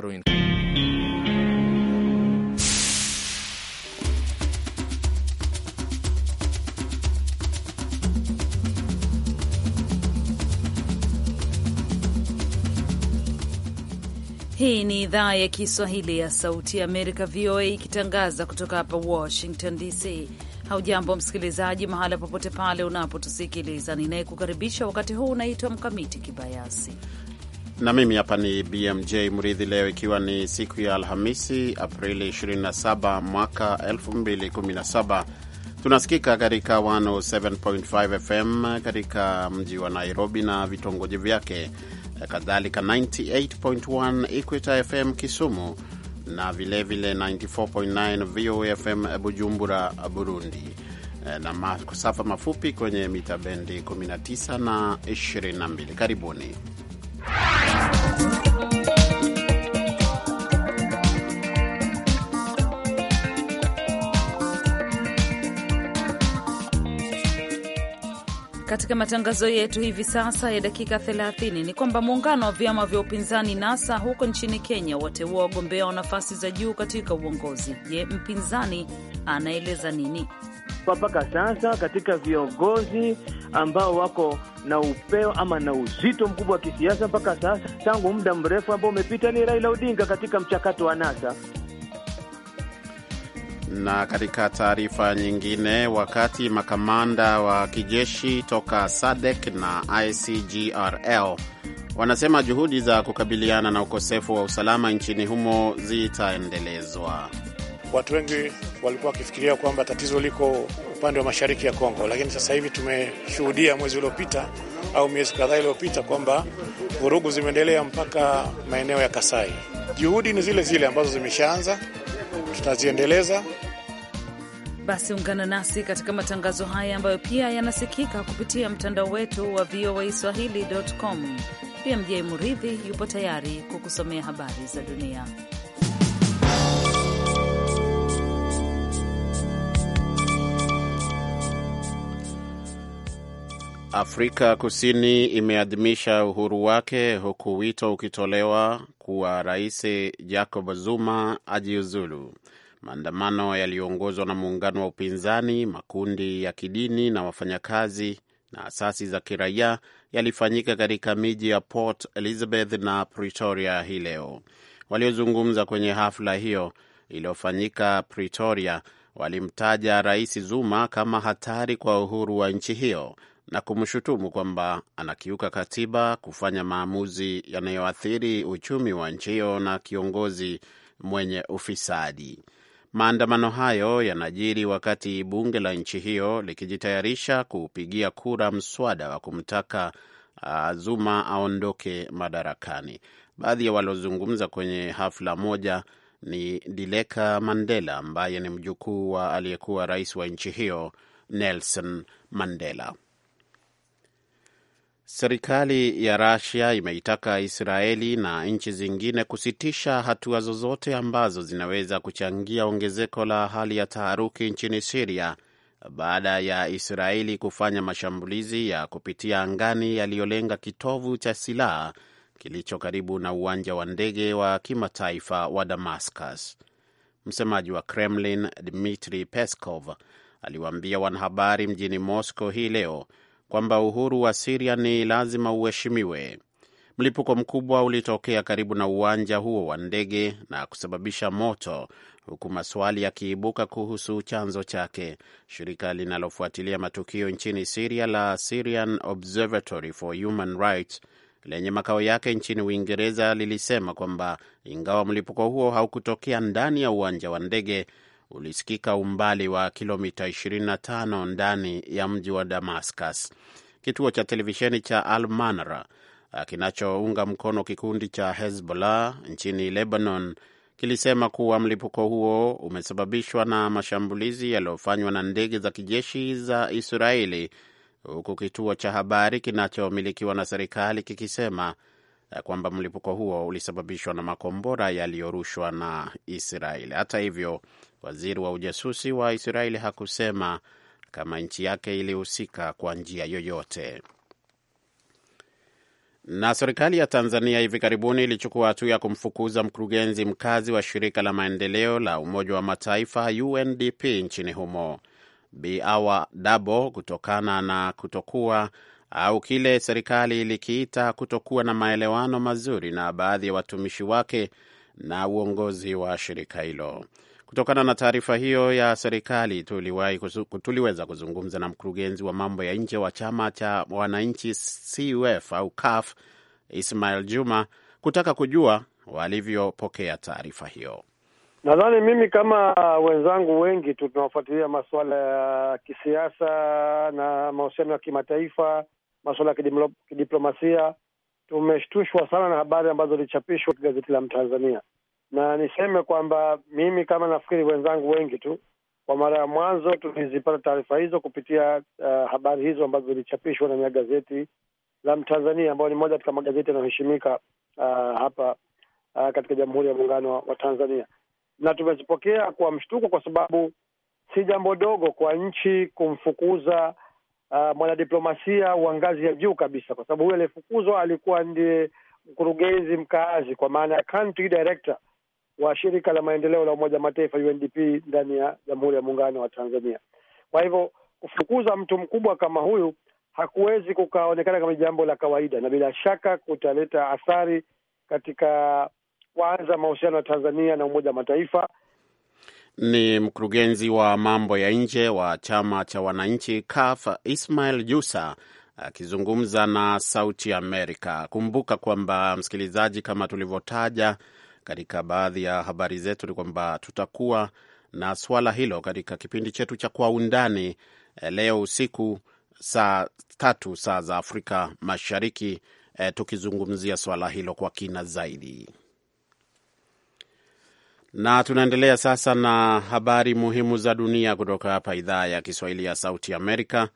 Hii ni idhaa ya Kiswahili ya Sauti ya Amerika, VOA, ikitangaza kutoka hapa Washington DC. Haujambo msikilizaji, mahala popote pale unapotusikiliza. Ninayekukaribisha wakati huu unaitwa Mkamiti Kibayasi na mimi hapa ni BMJ Mridhi. Leo ikiwa ni siku ya Alhamisi, Aprili 27 mwaka 2017, tunasikika katika 107.5 FM katika mji wa Nairobi na vitongoji vyake, kadhalika 98.1 Equator FM Kisumu na vilevile 94.9 VOA FM Bujumbura, Burundi, na masafa mafupi kwenye mita bendi 19 na 22. Karibuni. Katika matangazo yetu hivi sasa ya dakika 30 ni kwamba muungano wa vyama vya upinzani NASA huko nchini Kenya wateua wagombea wa nafasi za juu katika uongozi. Je, mpinzani anaeleza nini? kwa mpaka sasa katika viongozi ambao wako na upeo ama na uzito mkubwa wa kisiasa mpaka sasa, tangu muda mrefu ambao umepita, ni Raila Odinga katika mchakato wa NASA. Na katika taarifa nyingine, wakati makamanda wa kijeshi toka SADC na icgrl wanasema juhudi za kukabiliana na ukosefu wa usalama nchini humo zitaendelezwa. Watu wengi walikuwa wakifikiria kwamba tatizo liko upande wa mashariki ya Kongo, lakini sasa hivi tumeshuhudia mwezi uliopita au miezi kadhaa iliyopita kwamba vurugu zimeendelea mpaka maeneo ya Kasai. Juhudi ni zile zile ambazo zimeshaanza, tutaziendeleza. Basi ungana nasi katika matangazo haya ambayo pia yanasikika kupitia mtandao wetu wa VOA Swahili.com. Pia Mjai Muridhi yupo tayari kukusomea habari za dunia. Afrika Kusini imeadhimisha uhuru wake huku wito ukitolewa kuwa Rais Jacob Zuma ajiuzulu. Maandamano yaliyoongozwa na muungano wa upinzani, makundi ya kidini na wafanyakazi na asasi za kiraia yalifanyika katika miji ya Port Elizabeth na Pretoria hii leo. Waliozungumza kwenye hafla hiyo iliyofanyika Pretoria walimtaja Rais Zuma kama hatari kwa uhuru wa nchi hiyo na kumshutumu kwamba anakiuka katiba kufanya maamuzi yanayoathiri uchumi wa nchi hiyo na kiongozi mwenye ufisadi. Maandamano hayo yanajiri wakati bunge la nchi hiyo likijitayarisha kupigia kura mswada wa kumtaka uh, Zuma aondoke madarakani. Baadhi ya waliozungumza kwenye hafla moja ni Dileka Mandela ambaye ni mjukuu wa aliyekuwa rais wa nchi hiyo Nelson Mandela. Serikali ya rasia imeitaka Israeli na nchi zingine kusitisha hatua zozote ambazo zinaweza kuchangia ongezeko la hali ya taharuki nchini Siria baada ya Israeli kufanya mashambulizi ya kupitia angani yaliyolenga kitovu cha silaha kilicho karibu na uwanja wa ndege wa kimataifa wa Damascus. Msemaji wa Kremlin Dmitri Peskov aliwaambia wanahabari mjini Moscow hii leo kwamba uhuru wa Siria ni lazima uheshimiwe. Mlipuko mkubwa ulitokea karibu na uwanja huo wa ndege na kusababisha moto, huku maswali yakiibuka kuhusu chanzo chake. Shirika linalofuatilia matukio nchini Siria la Syrian Observatory for Human Rights lenye makao yake nchini Uingereza lilisema kwamba ingawa mlipuko huo haukutokea ndani ya uwanja wa ndege ulisikika umbali wa kilomita 25 ndani ya mji wa Damascus. Kituo cha televisheni cha Al Manara eh, kinachounga mkono kikundi cha Hezbollah nchini Lebanon kilisema kuwa mlipuko huo umesababishwa na mashambulizi yaliyofanywa na ndege za kijeshi za Israeli, huku kituo cha habari kinachomilikiwa na serikali kikisema Eh, kwamba mlipuko huo ulisababishwa na makombora yaliyorushwa na Israeli. Hata hivyo, waziri wa ujasusi wa Israeli hakusema kama nchi yake ilihusika kwa njia yoyote. Na serikali ya Tanzania hivi karibuni ilichukua hatua ya kumfukuza mkurugenzi mkazi wa shirika la maendeleo la Umoja wa Mataifa UNDP nchini humo Bi Awa Dabo kutokana na kutokuwa au kile serikali ilikiita kutokuwa na maelewano mazuri na baadhi ya watumishi wake na uongozi wa shirika hilo. Kutokana na taarifa hiyo ya serikali, tuliweza kuzungumza na mkurugenzi wa mambo ya nje wa chama cha wananchi CUF au CAF, Ismail Juma kutaka kujua walivyopokea taarifa hiyo. Nadhani mimi kama wenzangu wengi tu tunaofuatilia masuala ya kisiasa na mahusiano ya kimataifa, masuala ya kidiplomasia. Tumeshtushwa sana na habari ambazo zilichapishwa gazeti la Mtanzania, na niseme kwamba mimi kama nafikiri wenzangu wengi tu, kwa mara ya mwanzo tulizipata taarifa hizo kupitia uh, habari hizo ambazo zilichapishwa ndani ya gazeti la Mtanzania, ambayo ni moja katika magazeti yanayoheshimika uh, hapa uh, katika Jamhuri ya Muungano wa Tanzania, na tumezipokea kwa mshtuko, kwa sababu si jambo dogo kwa nchi kumfukuza uh, mwanadiplomasia wa ngazi ya juu kabisa, kwa sababu huyu aliyefukuzwa alikuwa ndiye mkurugenzi mkaazi, kwa maana ya country director wa shirika la maendeleo la Umoja Mataifa UNDP ndani ya Jamhuri ya Muungano wa Tanzania. Kwa hivyo kufukuza mtu mkubwa kama huyu hakuwezi kukaonekana kama jambo la kawaida, na bila shaka kutaleta athari katika kwanza mahusiano ya Tanzania na Umoja Mataifa, ni mkurugenzi wa mambo ya nje wa chama cha wananchi CUF Ismail Jusa akizungumza na Sauti Amerika. Kumbuka kwamba msikilizaji, kama tulivyotaja katika baadhi ya habari zetu, ni kwamba tutakuwa na swala hilo katika kipindi chetu cha Kwa Undani eh, leo usiku saa tatu saa za Afrika Mashariki, eh, tukizungumzia swala hilo kwa kina zaidi na tunaendelea sasa na habari muhimu za dunia kutoka hapa idhaa ya Kiswahili ya Sauti Amerika,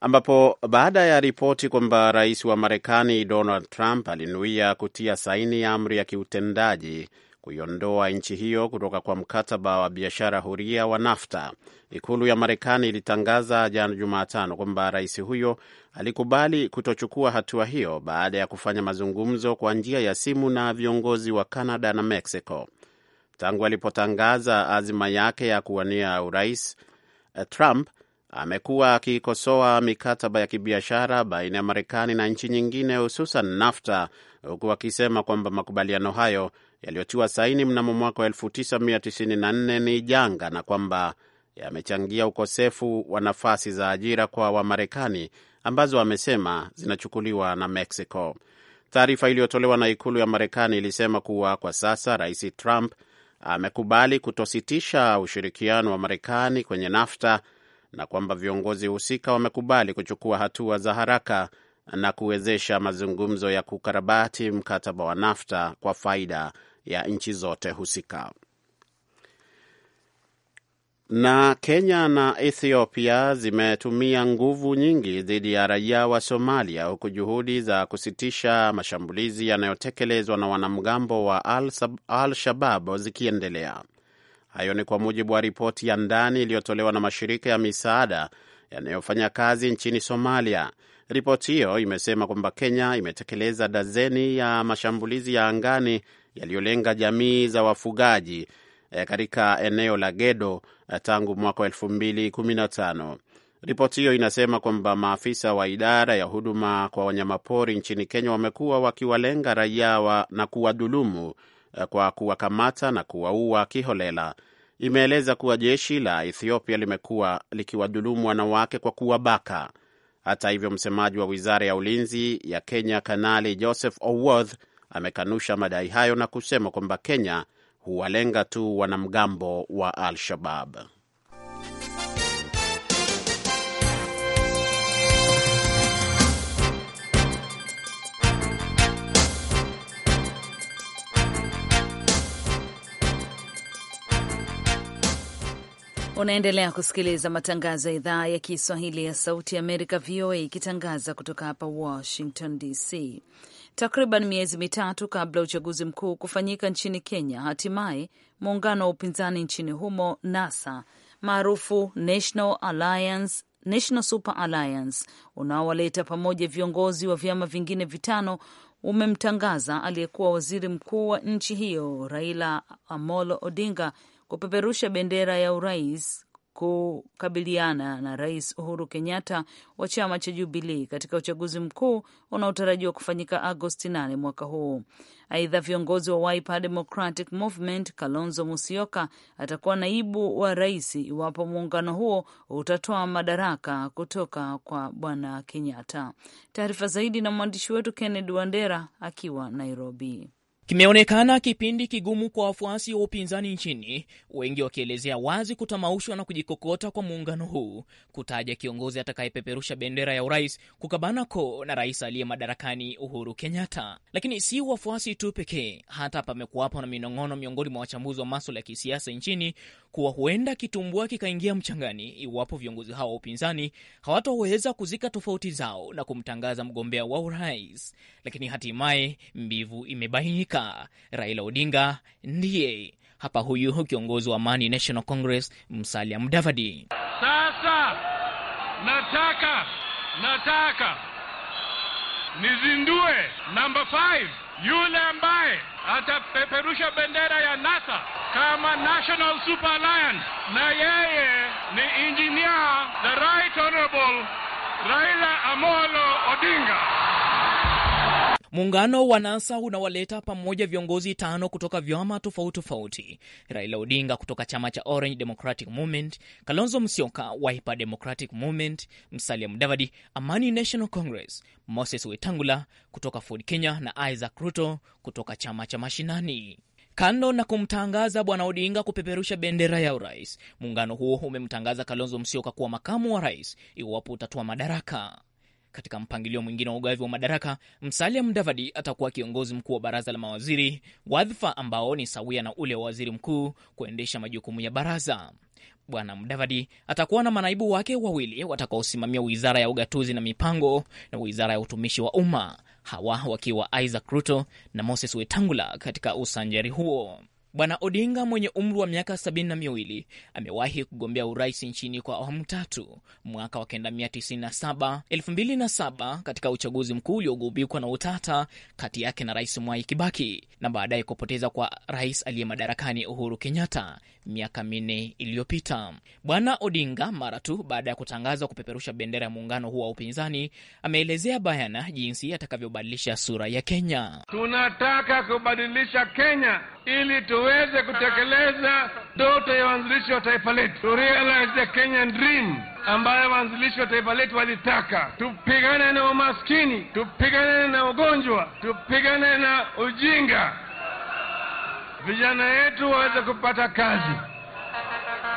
ambapo baada ya ripoti kwamba rais wa Marekani Donald Trump alinuia kutia saini ya amri ya kiutendaji kuiondoa nchi hiyo kutoka kwa mkataba wa biashara huria wa NAFTA, ikulu ya Marekani ilitangaza jana Jumatano kwamba rais huyo alikubali kutochukua hatua hiyo baada ya kufanya mazungumzo kwa njia ya simu na viongozi wa Canada na Mexico. Tangu alipotangaza azima yake ya kuwania urais, eh, Trump amekuwa akikosoa mikataba ya kibiashara baina ya Marekani na nchi nyingine, hususan NAFTA, huku akisema kwamba makubaliano hayo yaliyotiwa saini mnamo mwaka wa 1994 ni janga na kwamba yamechangia ukosefu wa nafasi za ajira kwa Wamarekani ambazo amesema zinachukuliwa na Mexico. Taarifa iliyotolewa na ikulu ya Marekani ilisema kuwa kwa sasa Rais Trump amekubali kutositisha ushirikiano wa Marekani kwenye NAFTA na kwamba viongozi husika wamekubali kuchukua hatua za haraka na kuwezesha mazungumzo ya kukarabati mkataba wa NAFTA kwa faida ya nchi zote husika. Na Kenya na Ethiopia zimetumia nguvu nyingi dhidi ya raia wa Somalia huku juhudi za kusitisha mashambulizi yanayotekelezwa na wanamgambo wa Al-Shabab zikiendelea. Hayo ni kwa mujibu wa ripoti ya ndani iliyotolewa na mashirika ya misaada yanayofanya kazi nchini Somalia. Ripoti hiyo imesema kwamba Kenya imetekeleza dazeni ya mashambulizi ya angani yaliyolenga jamii za wafugaji eh, katika eneo la Gedo eh, tangu mwaka wa elfu mbili kumi na tano. Ripoti hiyo inasema kwamba maafisa wa idara ya huduma kwa wanyamapori nchini Kenya wamekuwa wakiwalenga raia wa, na kuwadhulumu eh, kwa kuwakamata na kuwaua kiholela. Imeeleza kuwa jeshi la Ethiopia limekuwa likiwadhulumu wanawake kwa kuwabaka. Hata hivyo, msemaji wa wizara ya ulinzi ya Kenya Kanali Joseph Oworth amekanusha madai hayo na kusema kwamba Kenya huwalenga tu wanamgambo wa Al-Shabab. Unaendelea kusikiliza matangazo ya idhaa ya Kiswahili ya Sauti ya Amerika, VOA, ikitangaza kutoka hapa Washington DC. Takriban miezi mitatu kabla ya uchaguzi mkuu kufanyika nchini Kenya, hatimaye muungano wa upinzani nchini humo NASA maarufu National Alliance National Super Alliance unaowaleta pamoja viongozi wa vyama vingine vitano umemtangaza aliyekuwa waziri mkuu wa nchi hiyo Raila Amolo Odinga kupeperusha bendera ya urais kukabiliana na Rais Uhuru Kenyatta wa chama cha Jubilii katika uchaguzi mkuu unaotarajiwa kufanyika Agosti 8 mwaka huu. Aidha, viongozi wa Wiper Democratic Movement Kalonzo Musyoka atakuwa naibu wa rais iwapo muungano huo utatoa madaraka kutoka kwa Bwana Kenyatta. Taarifa zaidi na mwandishi wetu Kennedy Wandera akiwa Nairobi. Kimeonekana kipindi kigumu kwa wafuasi wa upinzani nchini, wengi wakielezea wazi kutamaushwa na kujikokota kwa muungano huu, kutaja kiongozi atakayepeperusha bendera ya urais kukabana koo na rais aliye madarakani Uhuru Kenyatta. Lakini si wafuasi tu pekee, hata pamekuwapo na minong'ono miongoni mwa wachambuzi wa maswala ya kisiasa nchini kuwa huenda kitumbua kikaingia mchangani iwapo viongozi hao wa upinzani hawatoweza kuzika tofauti zao na kumtangaza mgombea wa urais. Lakini hatimaye mbivu imebainika, Raila Odinga ndiye hapa huyu kiongozi wa Amani National Congress, Musalia Mudavadi. Sasa nataka nataka nizindue namba 5 yule ambaye atapeperusha bendera ya NASA kama National Super Alliance, na yeye ni Engineer the Right Honorable Raila Amolo Odinga. Muungano wa NASA unawaleta pamoja viongozi tano kutoka vyama tofauti tofauti: Raila Odinga kutoka chama cha Orange Democratic Movement, Kalonzo Musyoka Wiper Democratic Movement, Musalia Mudavadi Amani National Congress, Moses Wetangula kutoka Ford Kenya na Isaac Ruto kutoka chama cha Mashinani. Kando na kumtangaza bwana Odinga kupeperusha bendera ya urais, muungano huo umemtangaza Kalonzo Musyoka kuwa makamu wa rais iwapo utatua madaraka. Katika mpangilio mwingine wa ugavi wa madaraka, Musalia Mudavadi atakuwa kiongozi mkuu wa baraza la mawaziri, wadhifa ambao ni sawia na ule wa waziri mkuu kuendesha majukumu ya baraza. Bwana Mudavadi atakuwa na manaibu wake wawili watakaosimamia wizara ya ugatuzi na mipango na wizara ya utumishi wa umma, hawa wakiwa Isaac Ruto na Moses Wetangula katika usanjari huo. Bwana Odinga mwenye umri wa miaka sabini na miwili amewahi kugombea urais nchini kwa awamu tatu mwaka wa 1997, katika uchaguzi mkuu uliogubikwa na utata kati yake na Rais Mwai Kibaki na baadaye kupoteza kwa rais aliye madarakani Uhuru Kenyatta miaka minne iliyopita. Bwana Odinga mara tu baada ya kutangazwa kupeperusha bendera ya muungano huo wa upinzani, ameelezea bayana jinsi atakavyobadilisha sura ya Kenya. Tunataka kubadilisha Kenya ili tu tuweze kutekeleza ndoto ya waanzilishi wa taifa letu, to realize the Kenyan dream ambayo waanzilishi wa taifa letu walitaka. Tupigane na umaskini, tupigane na ugonjwa, tupigane na ujinga, vijana yetu waweze kupata kazi,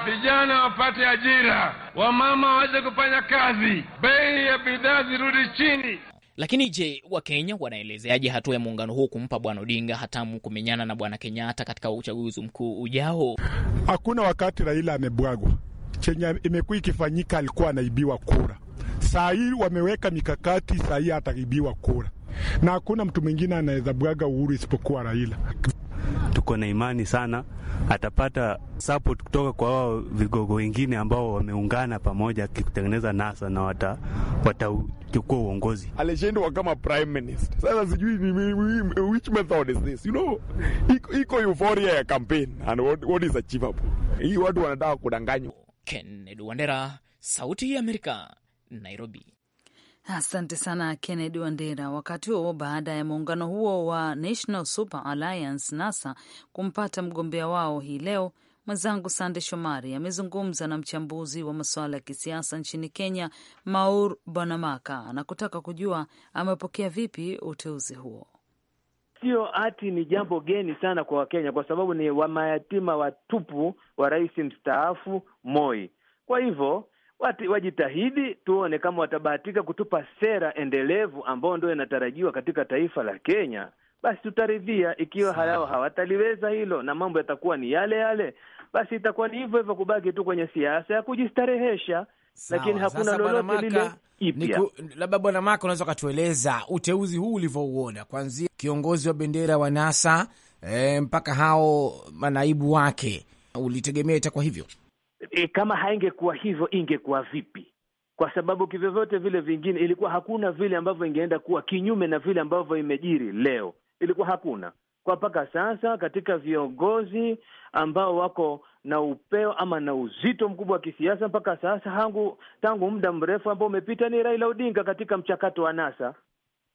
vijana wapate ajira, wamama waweze kufanya kazi, bei ya bidhaa zirudi chini. Lakini je, Wakenya wanaelezeaje hatua ya muungano huu kumpa Bwana Odinga hatamu kumenyana na Bwana Kenyatta katika uchaguzi mkuu ujao? Hakuna wakati Raila amebwagwa. Chenye imekuwa ikifanyika, alikuwa anaibiwa kura. Saa hii wameweka mikakati, saa hii ataibiwa kura, na hakuna mtu mwingine anaweza bwaga Uhuru isipokuwa Raila tuko na imani sana atapata support kutoka kwa wao vigogo wengine ambao wameungana pamoja kutengeneza NASA na wata watachukua uongozi. Alishindwa kama prime minister. Sasa sijui ni which method is this? You know, iko euphoria ya campaign and what, what is achievable. Hii watu wanataka kudanganywa. Kennedy Wandera, Sauti ya Amerika, Nairobi. Asante sana Kennedy Wandera. Wakati huo baada ya muungano huo wa National Super Alliance NASA kumpata mgombea wao hii leo, mwenzangu Sande Shomari amezungumza na mchambuzi wa masuala ya kisiasa nchini Kenya, Maur Bonamaka, na kutaka kujua amepokea vipi uteuzi huo. Sio hati ni jambo geni sana kwa Wakenya kwa sababu ni wamayatima watupu wa rais mstaafu Moi. Kwa hivyo wati, wajitahidi tuone kama watabahatika kutupa sera endelevu ambayo ndio inatarajiwa katika taifa la Kenya, basi tutaridhia. Ikiwa hayao hawataliweza hilo na mambo yatakuwa ni yale yale, basi itakuwa ni hivyo hivyo, kubaki tu kwenye siasa ya kujistarehesha. Sawa, lakini hakuna lolote lile ipya. Labda Bwana Maka, unaweza ukatueleza uteuzi huu ulivyouona, kuanzia kiongozi wa bendera wa NASA e, mpaka hao manaibu wake, ulitegemea itakuwa hivyo? e, kama haingekuwa hivyo ingekuwa vipi? Kwa sababu kivyovyote vile vingine ilikuwa hakuna vile ambavyo ingeenda kuwa kinyume na vile ambavyo imejiri leo, ilikuwa hakuna kwa mpaka sasa katika viongozi ambao wako na upeo ama na uzito mkubwa wa kisiasa mpaka sasa hangu, tangu muda mrefu ambao umepita ni Raila Odinga katika mchakato wa NASA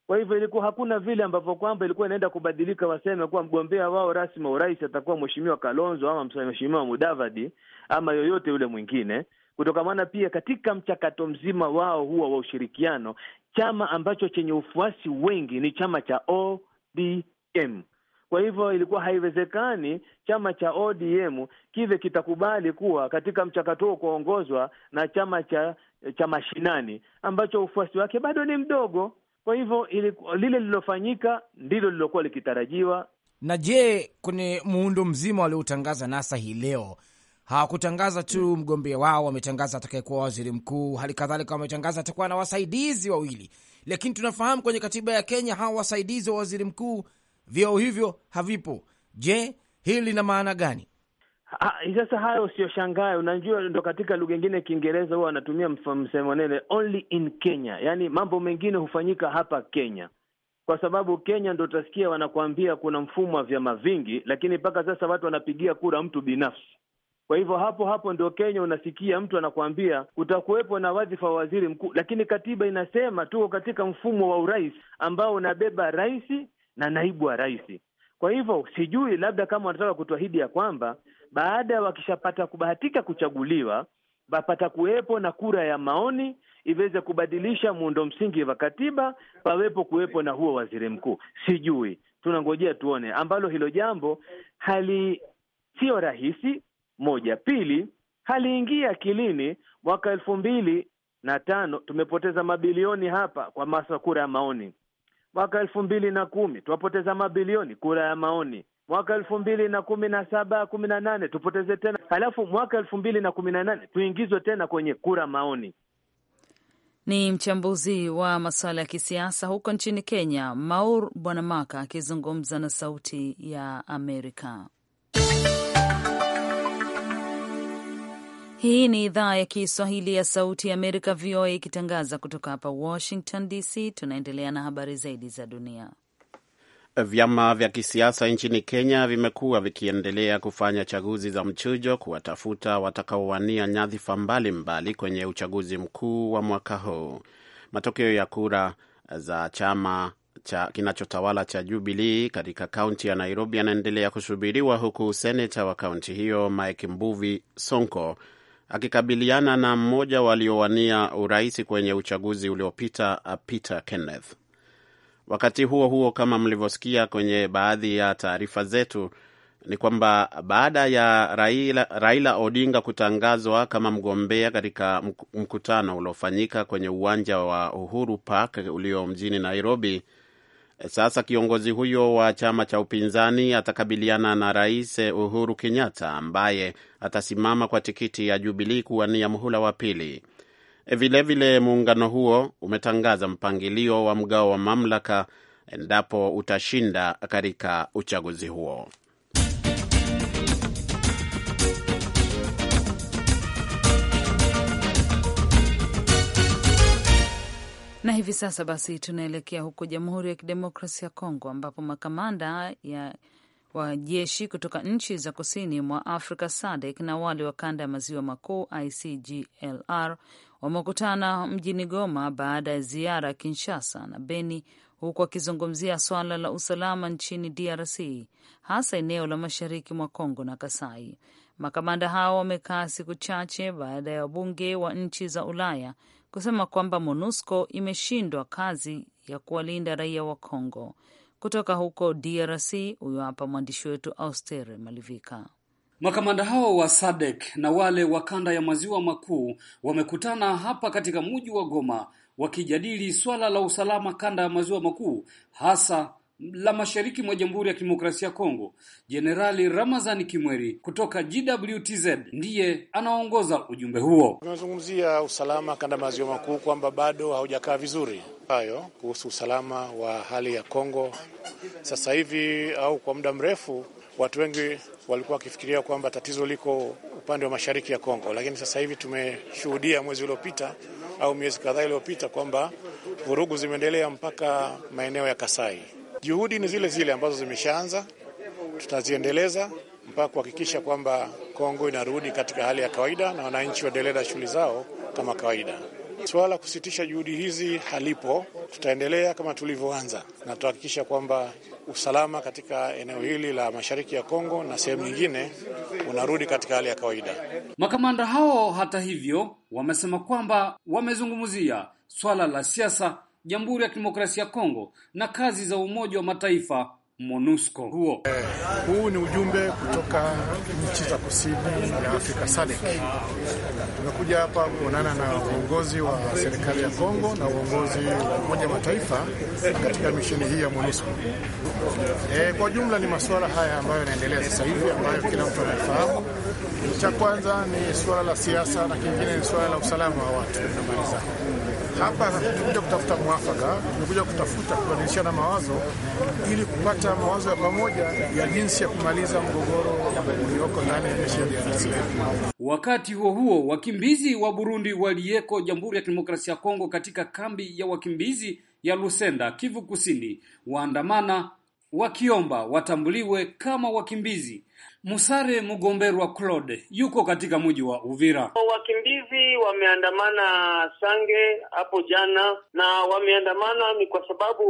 kwa hivyo ilikuwa hakuna vile ambavyo kwamba ilikuwa inaenda kubadilika, waseme kuwa mgombea wao rasmi wa urais atakuwa mheshimiwa Kalonzo ama mheshimiwa Mudavadi ama yoyote yule mwingine, kutokamana pia katika mchakato mzima wao huo wa ushirikiano, chama ambacho chenye ufuasi wengi ni chama cha ODM. Kwa hivyo ilikuwa haiwezekani chama cha ODM kive kitakubali kuwa katika mchakato huo kuongozwa na chama cha cha mashinani ambacho ufuasi wake bado ni mdogo. Kwa hivyo lile lililofanyika ndilo lililokuwa likitarajiwa. Na je, kwenye muundo mzima waliotangaza NASA hii leo hawakutangaza tu hmm. mgombea wao, wametangaza atakayekuwa waziri mkuu, hali kadhalika wametangaza atakuwa na wasaidizi wawili, lakini tunafahamu kwenye katiba ya Kenya hawa wasaidizi wa waziri mkuu vyeo hivyo havipo. Je, hili lina maana gani? Sasa hayo sio shangae, unajua ndo katika lugha ingine Kiingereza huwa wanatumia msemo nene only in Kenya, yaani mambo mengine hufanyika hapa Kenya, kwa sababu Kenya ndo utasikia wanakuambia kuna mfumo wa vyama vingi, lakini mpaka sasa watu wanapigia kura mtu binafsi. Kwa hivyo hapo hapo ndio Kenya unasikia mtu anakuambia kutakuwepo na wadhifa wa waziri mkuu, lakini katiba inasema tuko katika mfumo wa urais ambao unabeba rais na naibu wa rais. Kwa hivyo sijui, labda kama wanataka kutuahidi ya kwamba baada wakishapata kubahatika kuchaguliwa bapata kuwepo na kura ya maoni iweze kubadilisha muundo msingi wa katiba, pawepo kuwepo na huo waziri mkuu. Sijui, tunangojea tuone, ambalo hilo jambo hali sio rahisi. Moja, pili, haliingia akilini. Mwaka elfu mbili na tano tumepoteza mabilioni hapa kwa masa kura ya maoni mwaka elfu mbili na kumi tuwapoteza mabilioni kura ya maoni mwaka elfu mbili na kumi na saba kumi na nane tupoteze tena, halafu mwaka elfu mbili na kumi na nane tuingizwe tena kwenye kura maoni. Ni mchambuzi wa masuala ya kisiasa huko nchini Kenya, Maur Bwanamaka akizungumza na Sauti ya Amerika. Hii ni idhaa ya Kiswahili ya Sauti ya Amerika, VOA, ikitangaza kutoka hapa Washington DC. Tunaendelea na habari zaidi za dunia. Vyama vya kisiasa nchini Kenya vimekuwa vikiendelea kufanya chaguzi za mchujo kuwatafuta watakaowania nyadhifa mbalimbali kwenye uchaguzi mkuu wa mwaka huu. Matokeo ya kura za chama cha kinachotawala cha Jubilii katika kaunti ya Nairobi yanaendelea kusubiriwa huku seneta wa kaunti hiyo Mike Mbuvi Sonko akikabiliana na mmoja waliowania urais kwenye uchaguzi uliopita uh, Peter Kenneth. Wakati huo huo, kama mlivyosikia kwenye baadhi ya taarifa zetu, ni kwamba baada ya Raila, Raila Odinga kutangazwa kama mgombea katika mkutano uliofanyika kwenye uwanja wa Uhuru Park ulio mjini Nairobi E, sasa kiongozi huyo wa chama cha upinzani atakabiliana na Rais e, Uhuru Kenyatta ambaye atasimama kwa tikiti ya Jubilii kuwania muhula wa pili. Vilevile, muungano huo umetangaza mpangilio wa mgao wa mamlaka endapo utashinda katika uchaguzi huo. Na hivi sasa basi tunaelekea huko Jamhuri ya Kidemokrasia ya Kongo ambapo makamanda ya wajeshi kutoka nchi za kusini mwa Afrika SADC na wale wa kanda ya maziwa makuu ICGLR wamekutana mjini Goma baada ya ziara ya Kinshasa na Beni, huku akizungumzia swala la usalama nchini DRC, hasa eneo la mashariki mwa Kongo na Kasai. Makamanda hao wamekaa siku chache baada ya wabunge wa nchi za Ulaya kusema kwamba MONUSCO imeshindwa kazi ya kuwalinda raia wa congo Kutoka huko DRC, huyo hapa mwandishi wetu auster Malivika. Makamanda hao wa sadek na wale wa kanda ya maziwa makuu wamekutana hapa katika mji wa Goma wakijadili swala la usalama kanda ya maziwa makuu hasa la Mashariki mwa Jamhuri ya Kidemokrasia ya Kongo, Jenerali Ramazani Kimweri kutoka gwtz ndiye anaongoza ujumbe huo. Tumezungumzia usalama kanda maziwa makuu kwamba bado haujakaa vizuri, hayo kuhusu usalama wa hali ya Kongo sasa hivi au kwa muda mrefu. Watu wengi walikuwa wakifikiria kwamba tatizo liko upande wa mashariki ya Kongo, lakini sasa hivi tumeshuhudia mwezi uliopita au miezi kadhaa iliyopita kwamba vurugu zimeendelea mpaka maeneo ya Kasai. Juhudi ni zile zile ambazo zimeshaanza, tutaziendeleza mpaka kuhakikisha kwamba Kongo inarudi katika hali ya kawaida na wananchi waendelee na shughuli zao kama kawaida. Suala kusitisha juhudi hizi halipo, tutaendelea kama tulivyoanza na tutahakikisha kwamba usalama katika eneo hili la mashariki ya Kongo na sehemu nyingine unarudi katika hali ya kawaida. Makamanda hao hata hivyo wamesema kwamba wamezungumzia swala la siasa Jamhuri ya Kidemokrasia ya Kongo na kazi za Umoja wa Mataifa MONUSCO. Huo eh, huu ni ujumbe kutoka nchi za kusini ya Afrika SADC. Tumekuja hapa kuonana na uongozi wa serikali ya Kongo na uongozi wa Umoja wa Mataifa katika misheni hii ya MONUSCO. Eh, kwa jumla ni masuala haya ambayo yanaendelea sasa hivi ambayo kila mtu anafahamu. Cha kwanza ni suala la siasa na kingine ni suala la usalama wa watu na mali zao hapa tumekuja kutafuta mwafaka, tumekuja kutafuta kubadilishana mawazo ili kupata mawazo ya pamoja ya jinsi ya kumaliza mgogoro ulioko ndani ya nchi ya DRC. Wakati huo huo, wakimbizi wa Burundi waliyeko Jamhuri ya Kidemokrasia ya Kongo katika kambi ya wakimbizi ya Lusenda, Kivu Kusini, waandamana wakiomba watambuliwe kama wakimbizi Musare Mugomberwa Claude yuko katika mji wa Uvira. Wakimbizi wameandamana Sange hapo jana, na wameandamana ni kwa sababu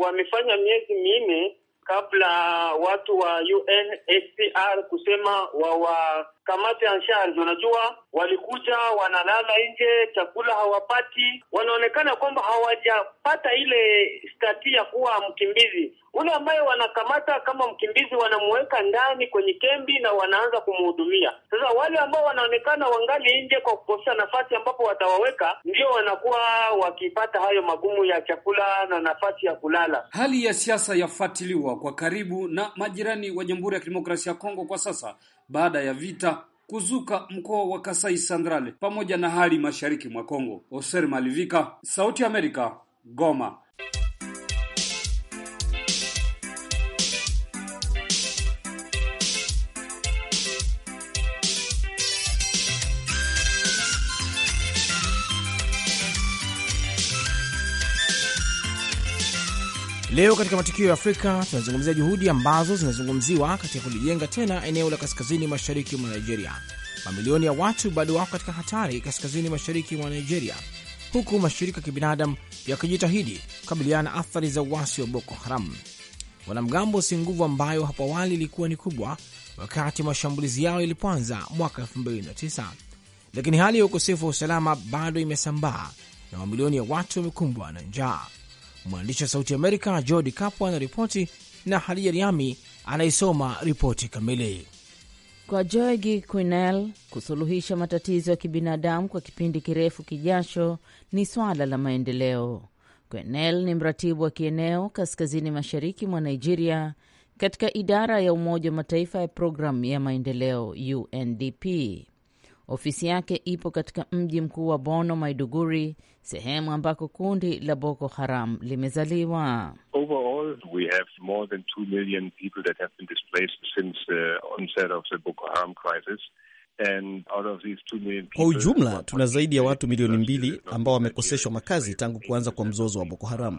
wamefanya miezi minne kabla watu wa UNHCR kusema wawa kamati ya nshanzi, unajua walikuja wanalala nje, chakula hawapati, wanaonekana kwamba hawajapata ile stati ya kuwa mkimbizi. Ule ambaye wanakamata kama mkimbizi wanamuweka ndani kwenye kembi na wanaanza kumhudumia. Sasa wale ambao wanaonekana wangali nje kwa kukosea nafasi ambapo watawaweka, ndio wanakuwa wakipata hayo magumu ya chakula na nafasi ya kulala. Hali ya siasa yafuatiliwa kwa karibu na majirani wa Jamhuri ya Kidemokrasia ya Kongo kwa sasa baada ya vita kuzuka mkoa wa Kasai Sandrale pamoja na hali mashariki mwa Kongo. Oser Malivika, Sauti ya Amerika, Goma. Leo katika matukio ya Afrika tunazungumzia juhudi ambazo zinazungumziwa katika kulijenga tena eneo la kaskazini mashariki mwa Nigeria. Mamilioni ya watu bado wako katika hatari kaskazini mashariki mwa Nigeria, huku mashirika ya kibinadamu yakijitahidi kukabiliana na athari za uasi wa Boko Haram. Wanamgambo si nguvu ambayo hapo awali ilikuwa ni kubwa wakati mashambulizi yao yalipoanza mwaka 2009 lakini hali ya ukosefu wa usalama bado imesambaa na mamilioni ya watu wamekumbwa na njaa. Mwandishi wa Sauti Amerika Jordi Kapwa anaripoti na Hadija Riami anaisoma ripoti kamili. Kwa Joegi Quinel, kusuluhisha matatizo ya kibinadamu kwa kipindi kirefu kijacho ni swala la maendeleo. Quinel ni mratibu wa kieneo kaskazini mashariki mwa Nigeria katika idara ya Umoja wa Mataifa ya programu ya maendeleo UNDP. Ofisi yake ipo katika mji mkuu wa Bono, Maiduguri, sehemu ambako kundi la Boko Haram limezaliwa. Uh, kwa ujumla tuna zaidi ya watu milioni mbili ambao wamekoseshwa makazi tangu kuanza kwa mzozo wa Boko Haram,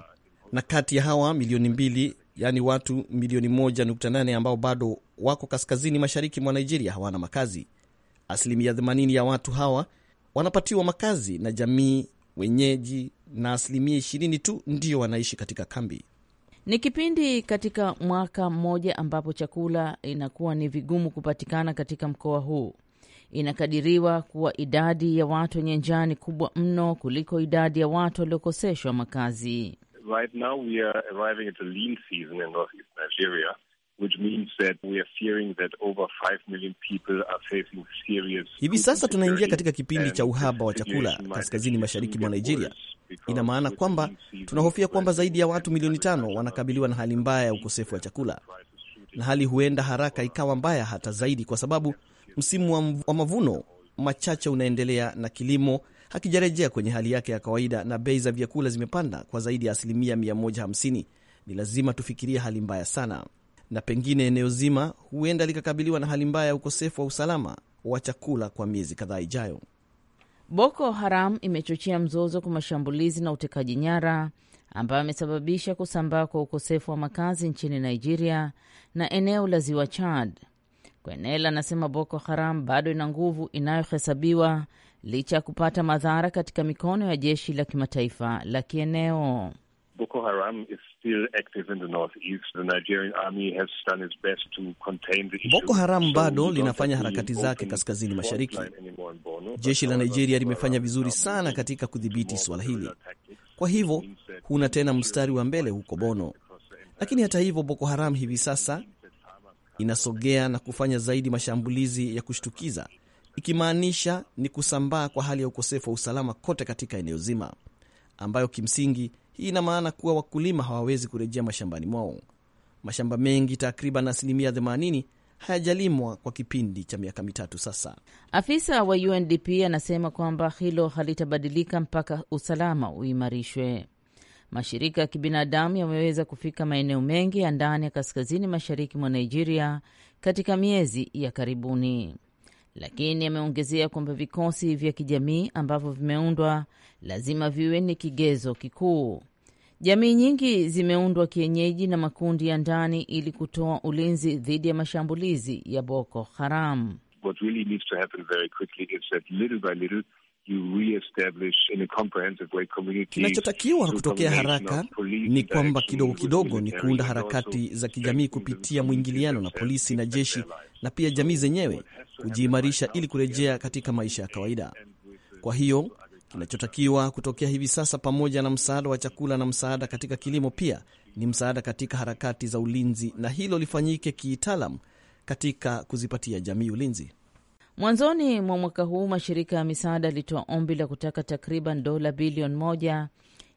na kati ya hawa milioni mbili, yaani watu milioni 1.8 ambao bado wako kaskazini mashariki mwa Nigeria hawana makazi. Asilimia 80 ya watu hawa wanapatiwa makazi na jamii wenyeji na asilimia 20 tu ndio wanaishi katika kambi. Ni kipindi katika mwaka mmoja ambapo chakula inakuwa ni vigumu kupatikana katika mkoa huu. Inakadiriwa kuwa idadi ya watu wenye njaa ni kubwa mno kuliko idadi ya watu waliokoseshwa makazi. Right now we are arriving at a lean season in northeast Nigeria. Hivi sasa tunaingia katika kipindi cha uhaba wa chakula kaskazini mashariki mwa Nigeria. Ina maana kwamba tunahofia kwamba zaidi ya watu milioni tano wanakabiliwa na hali mbaya ya ukosefu wa chakula, na hali huenda haraka ikawa mbaya hata zaidi, kwa sababu msimu wa mavuno machache unaendelea na kilimo hakijarejea kwenye hali yake ya kawaida, na bei za vyakula zimepanda kwa zaidi ya asilimia 150. Ni lazima tufikirie hali mbaya sana na pengine eneo zima huenda likakabiliwa na hali mbaya ya ukosefu wa usalama wa chakula kwa miezi kadhaa ijayo. Boko Haram imechochea mzozo kwa mashambulizi na utekaji nyara ambayo amesababisha kusambaa kwa ukosefu wa makazi nchini Nigeria na eneo la ziwa Chad. Kwenel anasema Boko Haram bado ina nguvu inayohesabiwa licha ya kupata madhara katika mikono ya jeshi la kimataifa la kieneo. Boko Haram is still active in the northeast. The Nigerian army has done its best to contain the issue. Boko Haram bado linafanya harakati zake kaskazini mashariki. Jeshi la Nigeria limefanya vizuri sana katika kudhibiti swala hili, kwa hivyo huna tena mstari wa mbele huko Bono. Lakini hata hivyo, Boko Haram hivi sasa inasogea na kufanya zaidi mashambulizi ya kushtukiza, ikimaanisha ni kusambaa kwa hali ya ukosefu wa usalama kote katika eneo zima, ambayo kimsingi hii ina maana kuwa wakulima hawawezi kurejea mashambani mwao. Mashamba mengi takriban asilimia 80 hayajalimwa kwa kipindi cha miaka mitatu sasa. Afisa wa UNDP anasema kwamba hilo halitabadilika mpaka usalama uimarishwe. Mashirika ya kibinadamu yameweza kufika maeneo mengi ya ndani ya kaskazini mashariki mwa Nigeria katika miezi ya karibuni lakini ameongezea kwamba vikosi vya kijamii ambavyo vimeundwa lazima viwe ni kigezo kikuu. Jamii nyingi zimeundwa kienyeji na makundi ya ndani ili kutoa ulinzi dhidi ya mashambulizi ya Boko Haram. What really needs to happen very quickly is that little by little Kinachotakiwa kutokea haraka ni kwamba kidogo kidogo ni kuunda harakati za kijamii kupitia mwingiliano na polisi na jeshi na pia jamii zenyewe kujiimarisha ili kurejea katika maisha ya kawaida. Kwa hiyo kinachotakiwa kutokea hivi sasa, pamoja na msaada wa chakula na msaada katika kilimo, pia ni msaada katika harakati za ulinzi, na hilo lifanyike kitaalam katika kuzipatia jamii ulinzi. Mwanzoni mwa mwaka huu mashirika ya misaada yalitoa ombi la kutaka takriban dola bilioni moja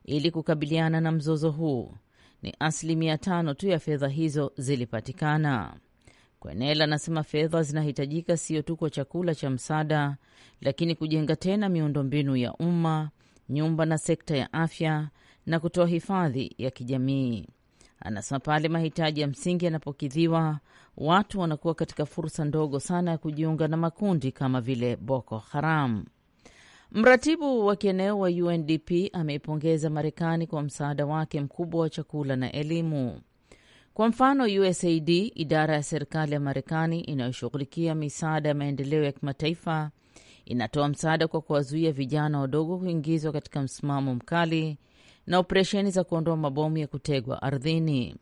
ili kukabiliana na mzozo huu. Ni asilimia tano tu ya fedha hizo zilipatikana. Kwenela anasema fedha zinahitajika sio tu kwa chakula cha msaada, lakini kujenga tena miundombinu ya umma, nyumba na sekta ya afya na kutoa hifadhi ya kijamii. Anasema pale mahitaji ya msingi yanapokidhiwa, watu wanakuwa katika fursa ndogo sana ya kujiunga na makundi kama vile Boko Haram. Mratibu wa kieneo wa UNDP ameipongeza Marekani kwa msaada wake mkubwa wa chakula na elimu. Kwa mfano, USAID, idara ya serikali ya Marekani inayoshughulikia misaada ya maendeleo ya kimataifa, inatoa msaada kwa kuwazuia vijana wadogo kuingizwa katika msimamo mkali na operesheni za kuondoa mabomu ya kutegwa ardhini.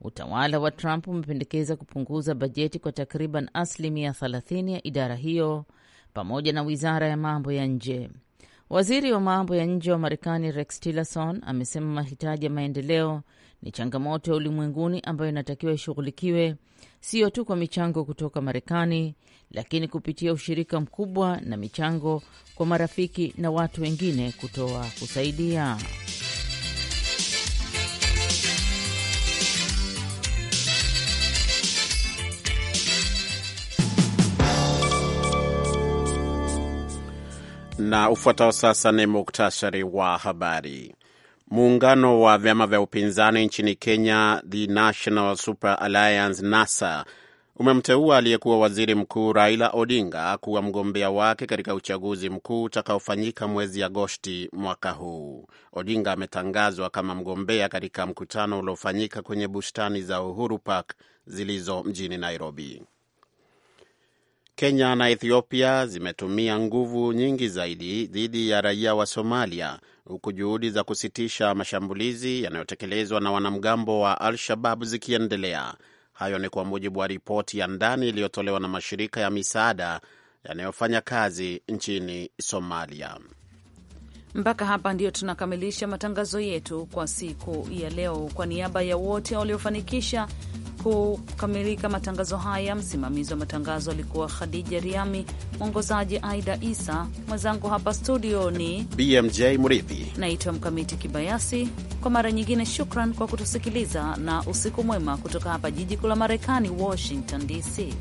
Utawala wa Trump umependekeza kupunguza bajeti kwa takriban asilimia 30 ya idara hiyo pamoja na wizara ya mambo ya nje. Waziri wa mambo ya nje wa Marekani Rex Tillerson amesema mahitaji ya maendeleo ni changamoto ya ulimwenguni ambayo inatakiwa ishughulikiwe sio tu kwa michango kutoka Marekani, lakini kupitia ushirika mkubwa na michango kwa marafiki na watu wengine kutoa kusaidia. Na ufuatao sasa ni muktasari wa habari. Muungano wa vyama vya upinzani nchini Kenya, The National Super Alliance, NASA, umemteua aliyekuwa waziri mkuu Raila Odinga kuwa mgombea wake katika uchaguzi mkuu utakaofanyika mwezi Agosti mwaka huu. Odinga ametangazwa kama mgombea katika mkutano uliofanyika kwenye bustani za Uhuru Park zilizo mjini Nairobi. Kenya na Ethiopia zimetumia nguvu nyingi zaidi dhidi ya raia wa Somalia, huku juhudi za kusitisha mashambulizi yanayotekelezwa na wanamgambo wa Al-Shabab zikiendelea. Hayo ni kwa mujibu wa ripoti ya ndani iliyotolewa na mashirika ya misaada yanayofanya kazi nchini Somalia. Mpaka hapa ndio tunakamilisha matangazo yetu kwa siku ya leo. Kwa niaba ya wote waliofanikisha kukamilika matangazo haya, msimamizi wa matangazo alikuwa Khadija Riami, mwongozaji Aida Isa, mwenzangu hapa studio ni BMJ Murithi, naitwa Mkamiti Kibayasi. Kwa mara nyingine, shukran kwa kutusikiliza na usiku mwema kutoka hapa jiji kuu la Marekani, Washington DC.